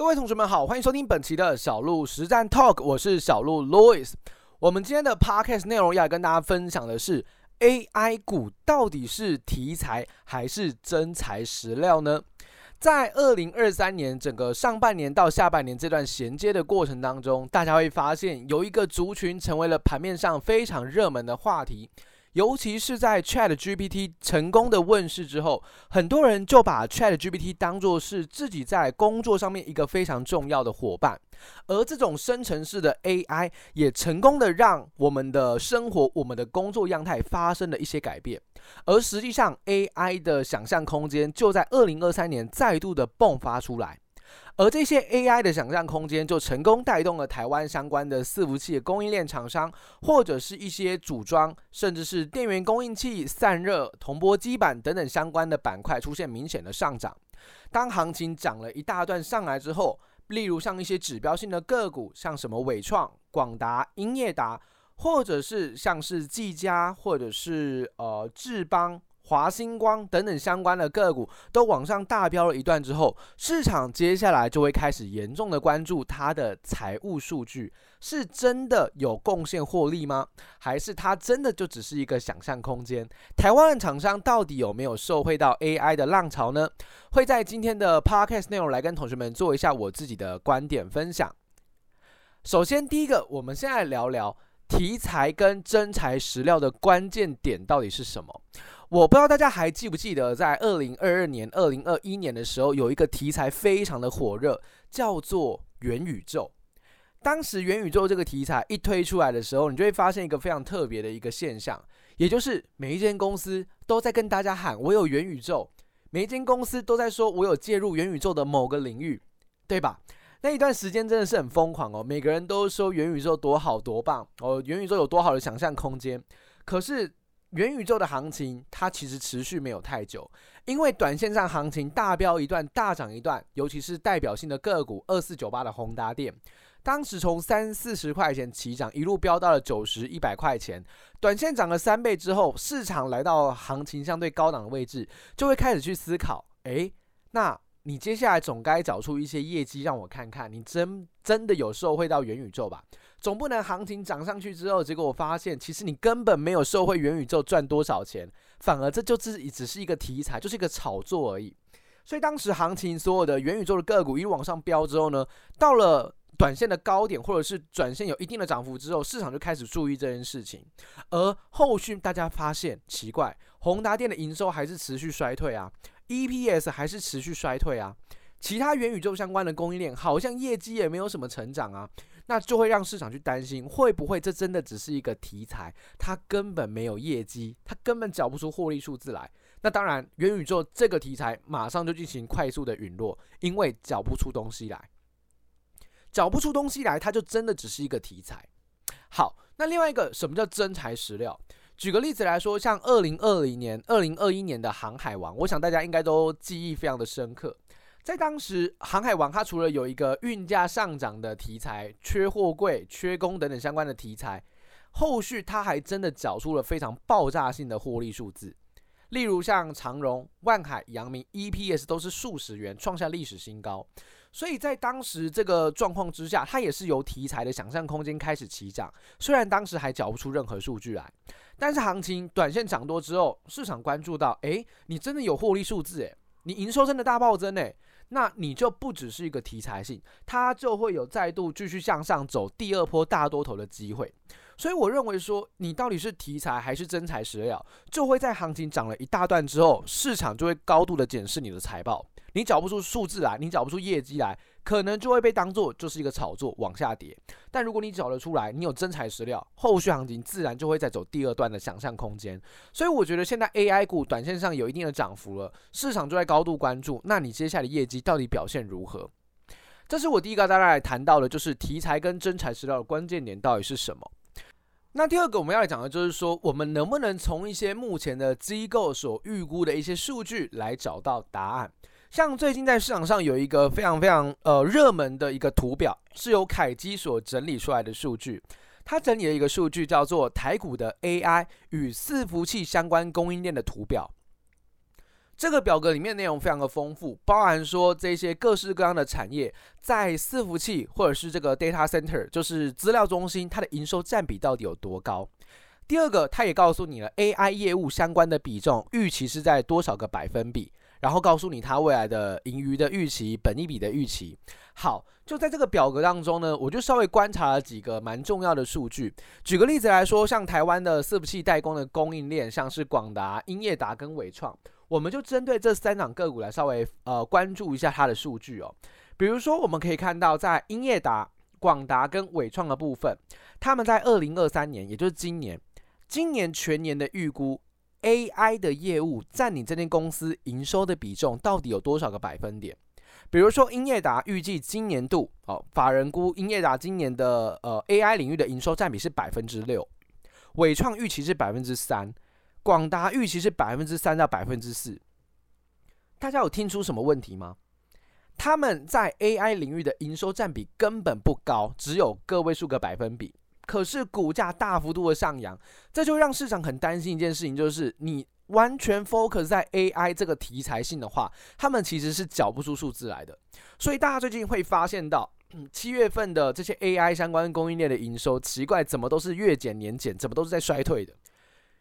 各位同學們好，歡迎收聽本期的小鹿實戰 Talk，我是小鹿 Louis。我們今天的 Podcast 內容要跟大家分享的是 AI 股到底是題材還是真材實料呢？在二零二三年整個上半年到下半年這段銜接的過程當中，大家會發現有一個族群成為了盤面上非常熱門的話題。尤其是在 Chat GPT 成功的問世之後，很多人就把 Chat GPT 當作是自己在工作上面一個非常重要的夥伴。而這種深層式的 AI 也成功的讓我們的生活、我們的工作樣態發生了一些改變。而實際上，AI 的想象空間就在二零二三年再度的迸發出來。而這些 AI 的想象空間，就成功帶動了台灣相關的伺服器的供應鏈廠商，或者是一些組裝，甚至是電源供應器、散熱、銅箔基板等等相關的板塊出現明顯的上漲。當行情漲了一大段上來之後，例如像一些指標性的個股，像什麼緯創、廣達、英業達，或者是像是技嘉，或者是呃智邦。華星光等等相關的個股都往上大飆了一段之後，市場接下來就會開始嚴重的關注它的財務數據。是真的有貢獻獲利嗎？還是它真的就只是一個想象空間？台灣的廠商到底有沒有受惠到 AI 的浪潮呢？會在今天的 Podcast 內容來跟同學們做一下我自己的觀點分享。首先，第一個，我們先來聊聊題材跟真材實料的關鍵點到底是什麼。我不知道大家還記不記得，在二零二二年、二零二一年的時候，有一個題材非常的火熱，叫做元宇宙。當時元宇宙這個題材一推出來的時候，你就會發現一個非常特別的一個現象，也就是每一間公司都在跟大家喊“我有元宇宙”，每一間公司都在說“我有介入元宇宙的某個領域”，對吧？那一段時間真的是很瘋狂哦，每個人都說元宇宙多好多棒哦，元宇宙有多好的想象空間。可是，元宇宙的行情，它其實持續沒有太久，因為短線上行情大飆一段，大漲一段，尤其是代表性的個股二四九八的宏達電，當時從三四十塊錢起漲，一路飆到了九十一百塊錢，短線漲了三倍之後，市場來到行情相對高檔的位置，就會開始去思考，誒，那你接下來總該找出一些業績讓我看看，你真真的有受惠到元宇宙吧？總不能行情漲上去之後，結果我發現其實你根本沒有受惠元宇宙賺多少錢，反而這就只是只是一個題材，就是一個炒作而已。所以當時行情所有的元宇宙的個股一路往上飆之後呢，到了短線的高點或者是短線有一定的漲幅之後，市場就開始注意這件事情。而後續大家發現奇怪，宏達電的營收還是持續衰退啊，EPS 還是持續衰退啊，其他元宇宙相關的供應鏈好像業績也沒有什麼成長啊。那就會讓市場去擔心，會不會這真的只是一個題材？它根本沒有業績，它根本繳不出獲利數字來。那當然，元宇宙這個題材馬上就進行快速的隕落，因為繳不出東西來，繳不出東西來，它就真的只是一個題材。好，那另外一個什麼叫真材實料？舉個例子來說，像二零二零年、二零二一年的航海王，我想大家應該都記憶非常的深刻。在當時，航海王它除了有一個運價上漲的題材、缺貨櫃、缺工等等相關的題材，後續它還真的繳出了非常爆炸性的獲利數字，例如像長榮、萬海、陽明、EPS 都是數十元，創下歷史新高。所以在當時這個狀況之下，它也是由題材的想象空間開始起漲，雖然當時還繳不出任何數據來，但是行情短線漲多之後，市場關注到，誒、欸，你真的有獲利數字，誒，你營收真的大暴增，誒。那你就不只是一個題材性，它就會有再度繼續向上走第二波大多頭的機會。所以我認為說，你到底是題材還是真材實料，就會在行情漲了一大段之後，市場就會高度的檢視你的財報。你找不出數字來，你找不出業績來。可能就會被當做就是一個炒作往下跌，但如果你找得出來，你有真材實料，後續行情自然就會再走第二段的想象空間。所以我覺得現在 AI 股短線上有一定的漲幅了，市場就在高度關注，那你接下來的業績到底表現如何？這是我第一個大家來談到的，就是題材跟真材實料的關鍵點到底是什麼。那第二個我們要來講的就是說，我們能不能從一些目前的機構所預估的一些數據來找到答案？像最近在市場上有一個非常非常呃熱門的一個圖表，是由凱基所整理出來的數據。它整理了一個數據叫做台股的 AI 與伺服器相關供應鏈的圖表。這個表格裡面內容非常的豐富，包含說這些各式各樣的產業在伺服器或者是這個 data center 就是資料中心，它的營收占比到底有多高。第二個，它也告訴你了 AI 業務相關的比重預期是在多少個百分比。然後告訴你它未來的盈餘的預期、本益比的預期。好，就在這個表格當中呢，我就稍微觀察了幾個蠻重要的數據。舉個例子來說，像台灣的伺服器代工的供應鏈，像是廣達、英業達跟緯創，我們就針對這三檔個股來稍微呃關注一下它的數據哦。比如說，我們可以看到在英業達、廣達跟緯創的部分，他們在二零二三年，也就是今年，今年全年的預估。AI 的業務占你這間公司營收的比重到底有多少個百分點？比如說，英業達預計今年度，哦，法人估英業達今年的呃 AI 領域的營收占比是百分之六，緯創預期是百分之三，廣達預期是百分之三到百分之四。大家有聽出什麼問題嗎？他們在 AI 領域的營收占比根本不高，只有個位數個百分比。可是股價大幅度的上揚，這就讓市場很擔心一件事情，就是你完全 focus 在 AI 這個題材性的話，他們其實是繳不出數字來的。所以大家最近會發現到，嗯，七月份的這些 AI 相關供應鏈的營收，奇怪怎麼都是月減年減，怎麼都是在衰退的。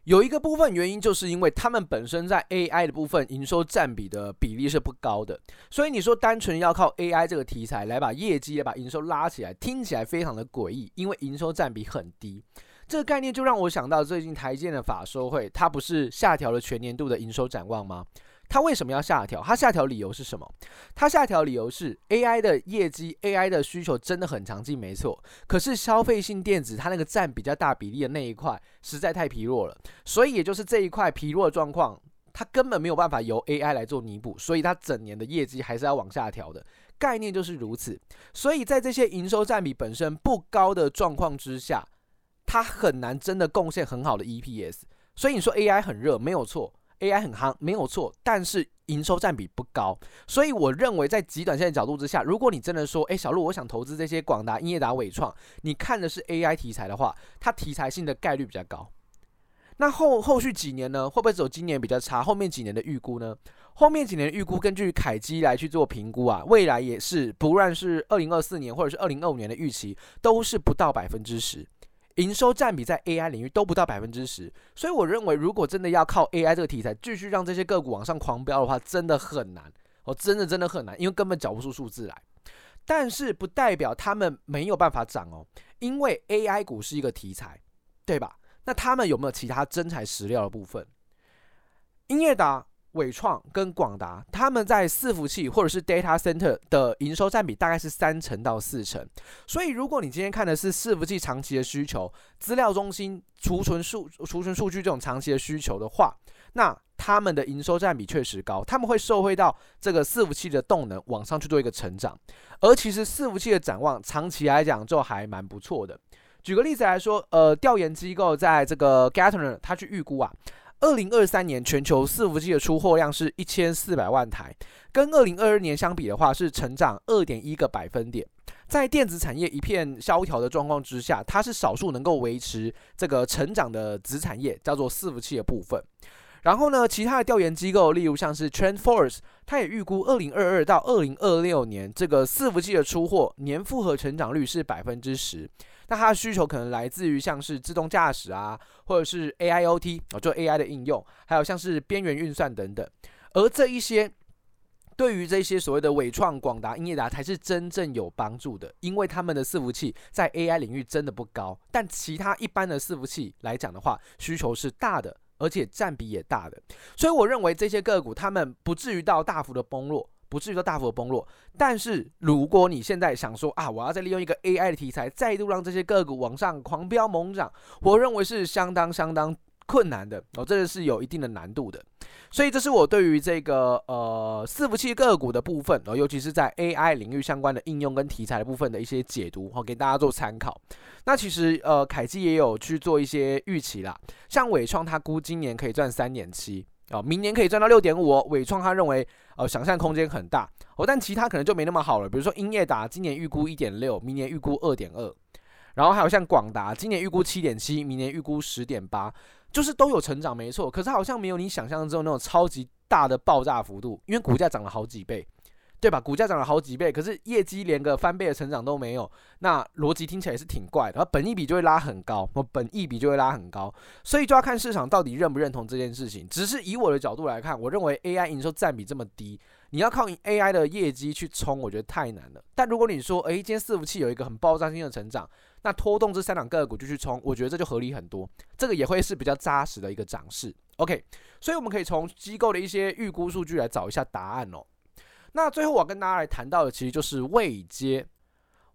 有一個部分原因，就是因為他們本身在 AI 的部分營收占比的比例是不高的，所以你說單純要靠 AI 這個題材來把業績也把營收拉起來，聽起來非常的詭異，因為營收占比很低，這個概念就讓我想到最近台建的法說會，它不是下調了全年度的營收展望嗎？它為什麼要下調？它下調理由是什麼？它下調理由是 AI 的業績，AI 的需求真的很強勁，沒錯。可是消費性電子它那個占比較大比例的那一塊實在太疲弱了，所以也就是這一塊疲弱的狀況，它根本沒有辦法由 AI 來做彌補，所以它整年的業績還是要往下調的，概念就是如此。所以在這些營收占比本身不高的狀況之下，它很難真的貢獻很好的 EPS。所以你說 AI 很熱，沒有錯。AI 很夯，沒有錯，但是營收占比不高，所以我認為在極短線的角度之下，如果你真的說，誒、欸，小鹿，我想投資這些廣達、英業達、緯創，你看的是 AI 題材的話，它題材性的概率比較高。那後後續幾年呢，會不會走今年比較差？後面幾年的預估呢？後面幾年的預估，根據凱基來去做評估啊，未來也是不論是二零二四年或者是二零二五年的預期，都是不到百分之十。營收占比在 AI 領域都不到百分之十，所以我認為，如果真的要靠 AI 這個題材繼續讓這些個股往上狂飆的話，真的很難哦，真的真的很難，因為根本找不出數字來。但是不代表他們沒有辦法漲哦，因為 AI 股是一個題材，對吧？那他們有沒有其他真材實料的部分？音樂達。緯創跟廣達，他們在伺服器或者是 data center 的營收占比大概是三成到四成。所以，如果你今天看的是伺服器長期的需求，資料中心儲存數儲存數據這種長期的需求的話，那他們的營收占比確實高，他們會受惠到這個伺服器的動能往上去做一個成長。而其實伺服器的展望長期來講，就還蠻不錯的。舉個例子來說，呃，調研機構在這個 Gartner 他去預估啊。二零二三年全球伺服器的出貨量是一千四百萬台，跟二零二二年相比的話是成長二點一個百分點。在電子產業一片蕭條的狀況之下，它是少數能夠維持這個成長的子產業，叫做伺服器的部分。然後呢，其他的調研機構，例如像是 TrendForce，它也預估二零二二到二零二六年這個伺服器的出貨年複合成長率是百分之十。那它的需求可能來自於像是自動駕駛啊，或者是 AIoT，哦，就 AI 的應用，還有像是邊緣運算等等。而這一些，對於這些所謂的緯創、廣達、英業達才是真正有幫助的，因為他們的伺服器在 AI 領域真的不高，但其他一般的伺服器來講的話，需求是大的。而且佔比也大的，所以我認為這些個股他們不至於到大幅的崩落，不至於說大幅的崩落。但是如果你現在想說啊，我要再利用一個 AI 的題材，再度讓這些個股往上狂飆猛漲，我認為是相當相當困難的，哦，這個是有一定的難度的。所以這是我對於這個呃伺服器個股的部分、哦，尤其是在 AI 領域相關的應用跟題材的部分的一些解讀，好、哦、給大家做參考。那其實呃凱基也有去做一些預期啦，像偉創他估今年可以賺三點七，啊明年可以賺到六點五，偉創他認為呃想象空間很大哦，但其他可能就沒那麼好了，比如說英業達今年預估一點六，明年預估二點二，然後還有像廣達今年預估七點七，明年預估十點八。就是都有成長，沒錯，可是好像沒有你想象中那種超級大的爆炸幅度，因為股價漲了好幾倍，對吧？股價漲了好幾倍，可是業績連個翻倍的成長都沒有，那邏輯聽起來也是挺怪的，而本益比就會拉很高，我本益比就會拉很高，所以就要看市場到底認不認同這件事情。只是以我的角度來看，我認為 AI 營收佔比這麼低，你要靠你 AI 的業績去衝，我覺得太難了。但如果你說，哎、欸，今天伺服器有一個很爆炸性的成長。那拖動這三兩個股就去衝，我覺得這就合理很多，這個也會是比較扎實的一個漲勢。OK，所以我們可以從機構的一些預估數據來找一下答案哦。那最後我跟大家來談到的，其實就是未接。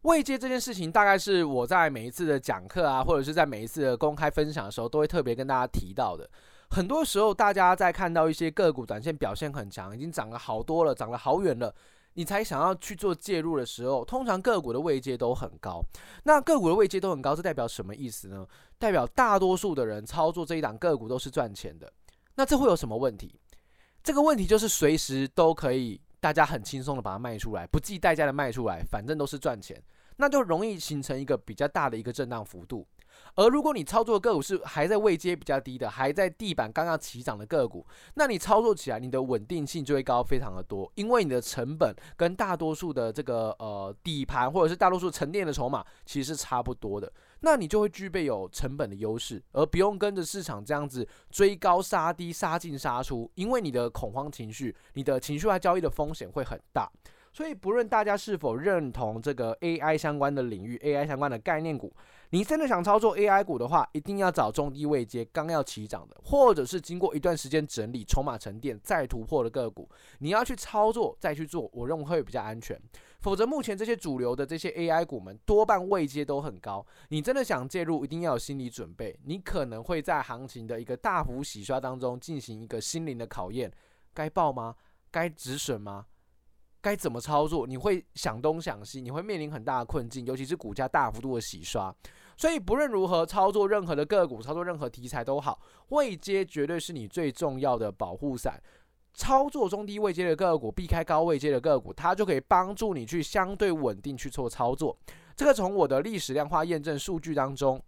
未接這件事情，大概是我在每一次的講課啊，或者是在每一次的公開分享的時候，都會特別跟大家提到的。很多時候，大家在看到一些個股短線表現很強，已經漲了好多了，漲了好遠了。你才想要去做介入的時候，通常個股的位階都很高。那個股的位階都很高，是代表什麼意思呢？代表大多數的人操作這一檔個股都是賺錢的。那這會有什麼問題？這個問題就是隨時都可以，大家很輕鬆的把它賣出來，不計代價的賣出來，反正都是賺錢，那就容易形成一個比較大的一個震盪幅度。而如果你操作的個股是還在位階比較低的，還在地板剛剛起漲的個股，那你操作起來你的穩定性就會高非常的多，因為你的成本跟大多數的這個呃底盤或者是大多數沉澱的籌碼其實是差不多的，那你就會具備有成本的優勢，而不用跟着市場這樣子追高殺低、殺進殺出，因為你的恐慌情緒、你的情緒化交易的風險會很大。所以不論大家是否認同這個 AI 相關的領域、AI 相關的概念股。你真的想操作 AI 股的話，一定要找中低位階，剛要起漲的，或者是經過一段時間整理、籌碼沉澱再突破的個股，你要去操作再去做，我認為會比較安全。否則，目前這些主流的這些 AI 股們，多半位階都很高。你真的想介入，一定要有心理準備，你可能會在行情的一個大幅洗刷當中進行一個心靈的考驗，該抱嗎？該止損嗎？該怎麼操作？你會想東想西，你會面臨很大的困境，尤其是股價大幅度的洗刷。所以不論如何操作任何的個股，操作任何題材都好，位階絕對是你最重要的保護傘。操作中低位階的個股，避開高位階的個股，它就可以幫助你去相對穩定去做操作。這個從我的歷史量化驗證數據當中。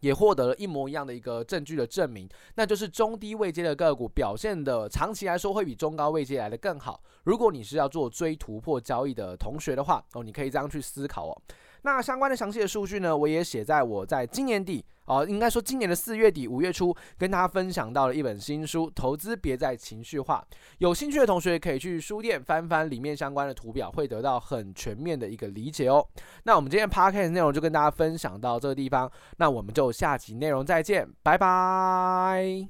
也獲得了一模一樣的一個證據的證明，那就是中低位階的個股表現的，長期來說會比中高位階來得更好。如果你是要做追突破交易的同學的話，哦，你可以這樣去思考哦。那相關的詳細的數據呢，我也寫在我在今年底，啊、哦。應該說今年的四月底五月初，跟大家分享到了一本新書《投資別再情緒化》，有興趣的同學可以去書店翻翻裡面相關的圖表，會得到很全面的一個理解哦。那我們今天 Podcast 內容就跟大家分享到這個地方，那我們就下集內容再見，拜拜。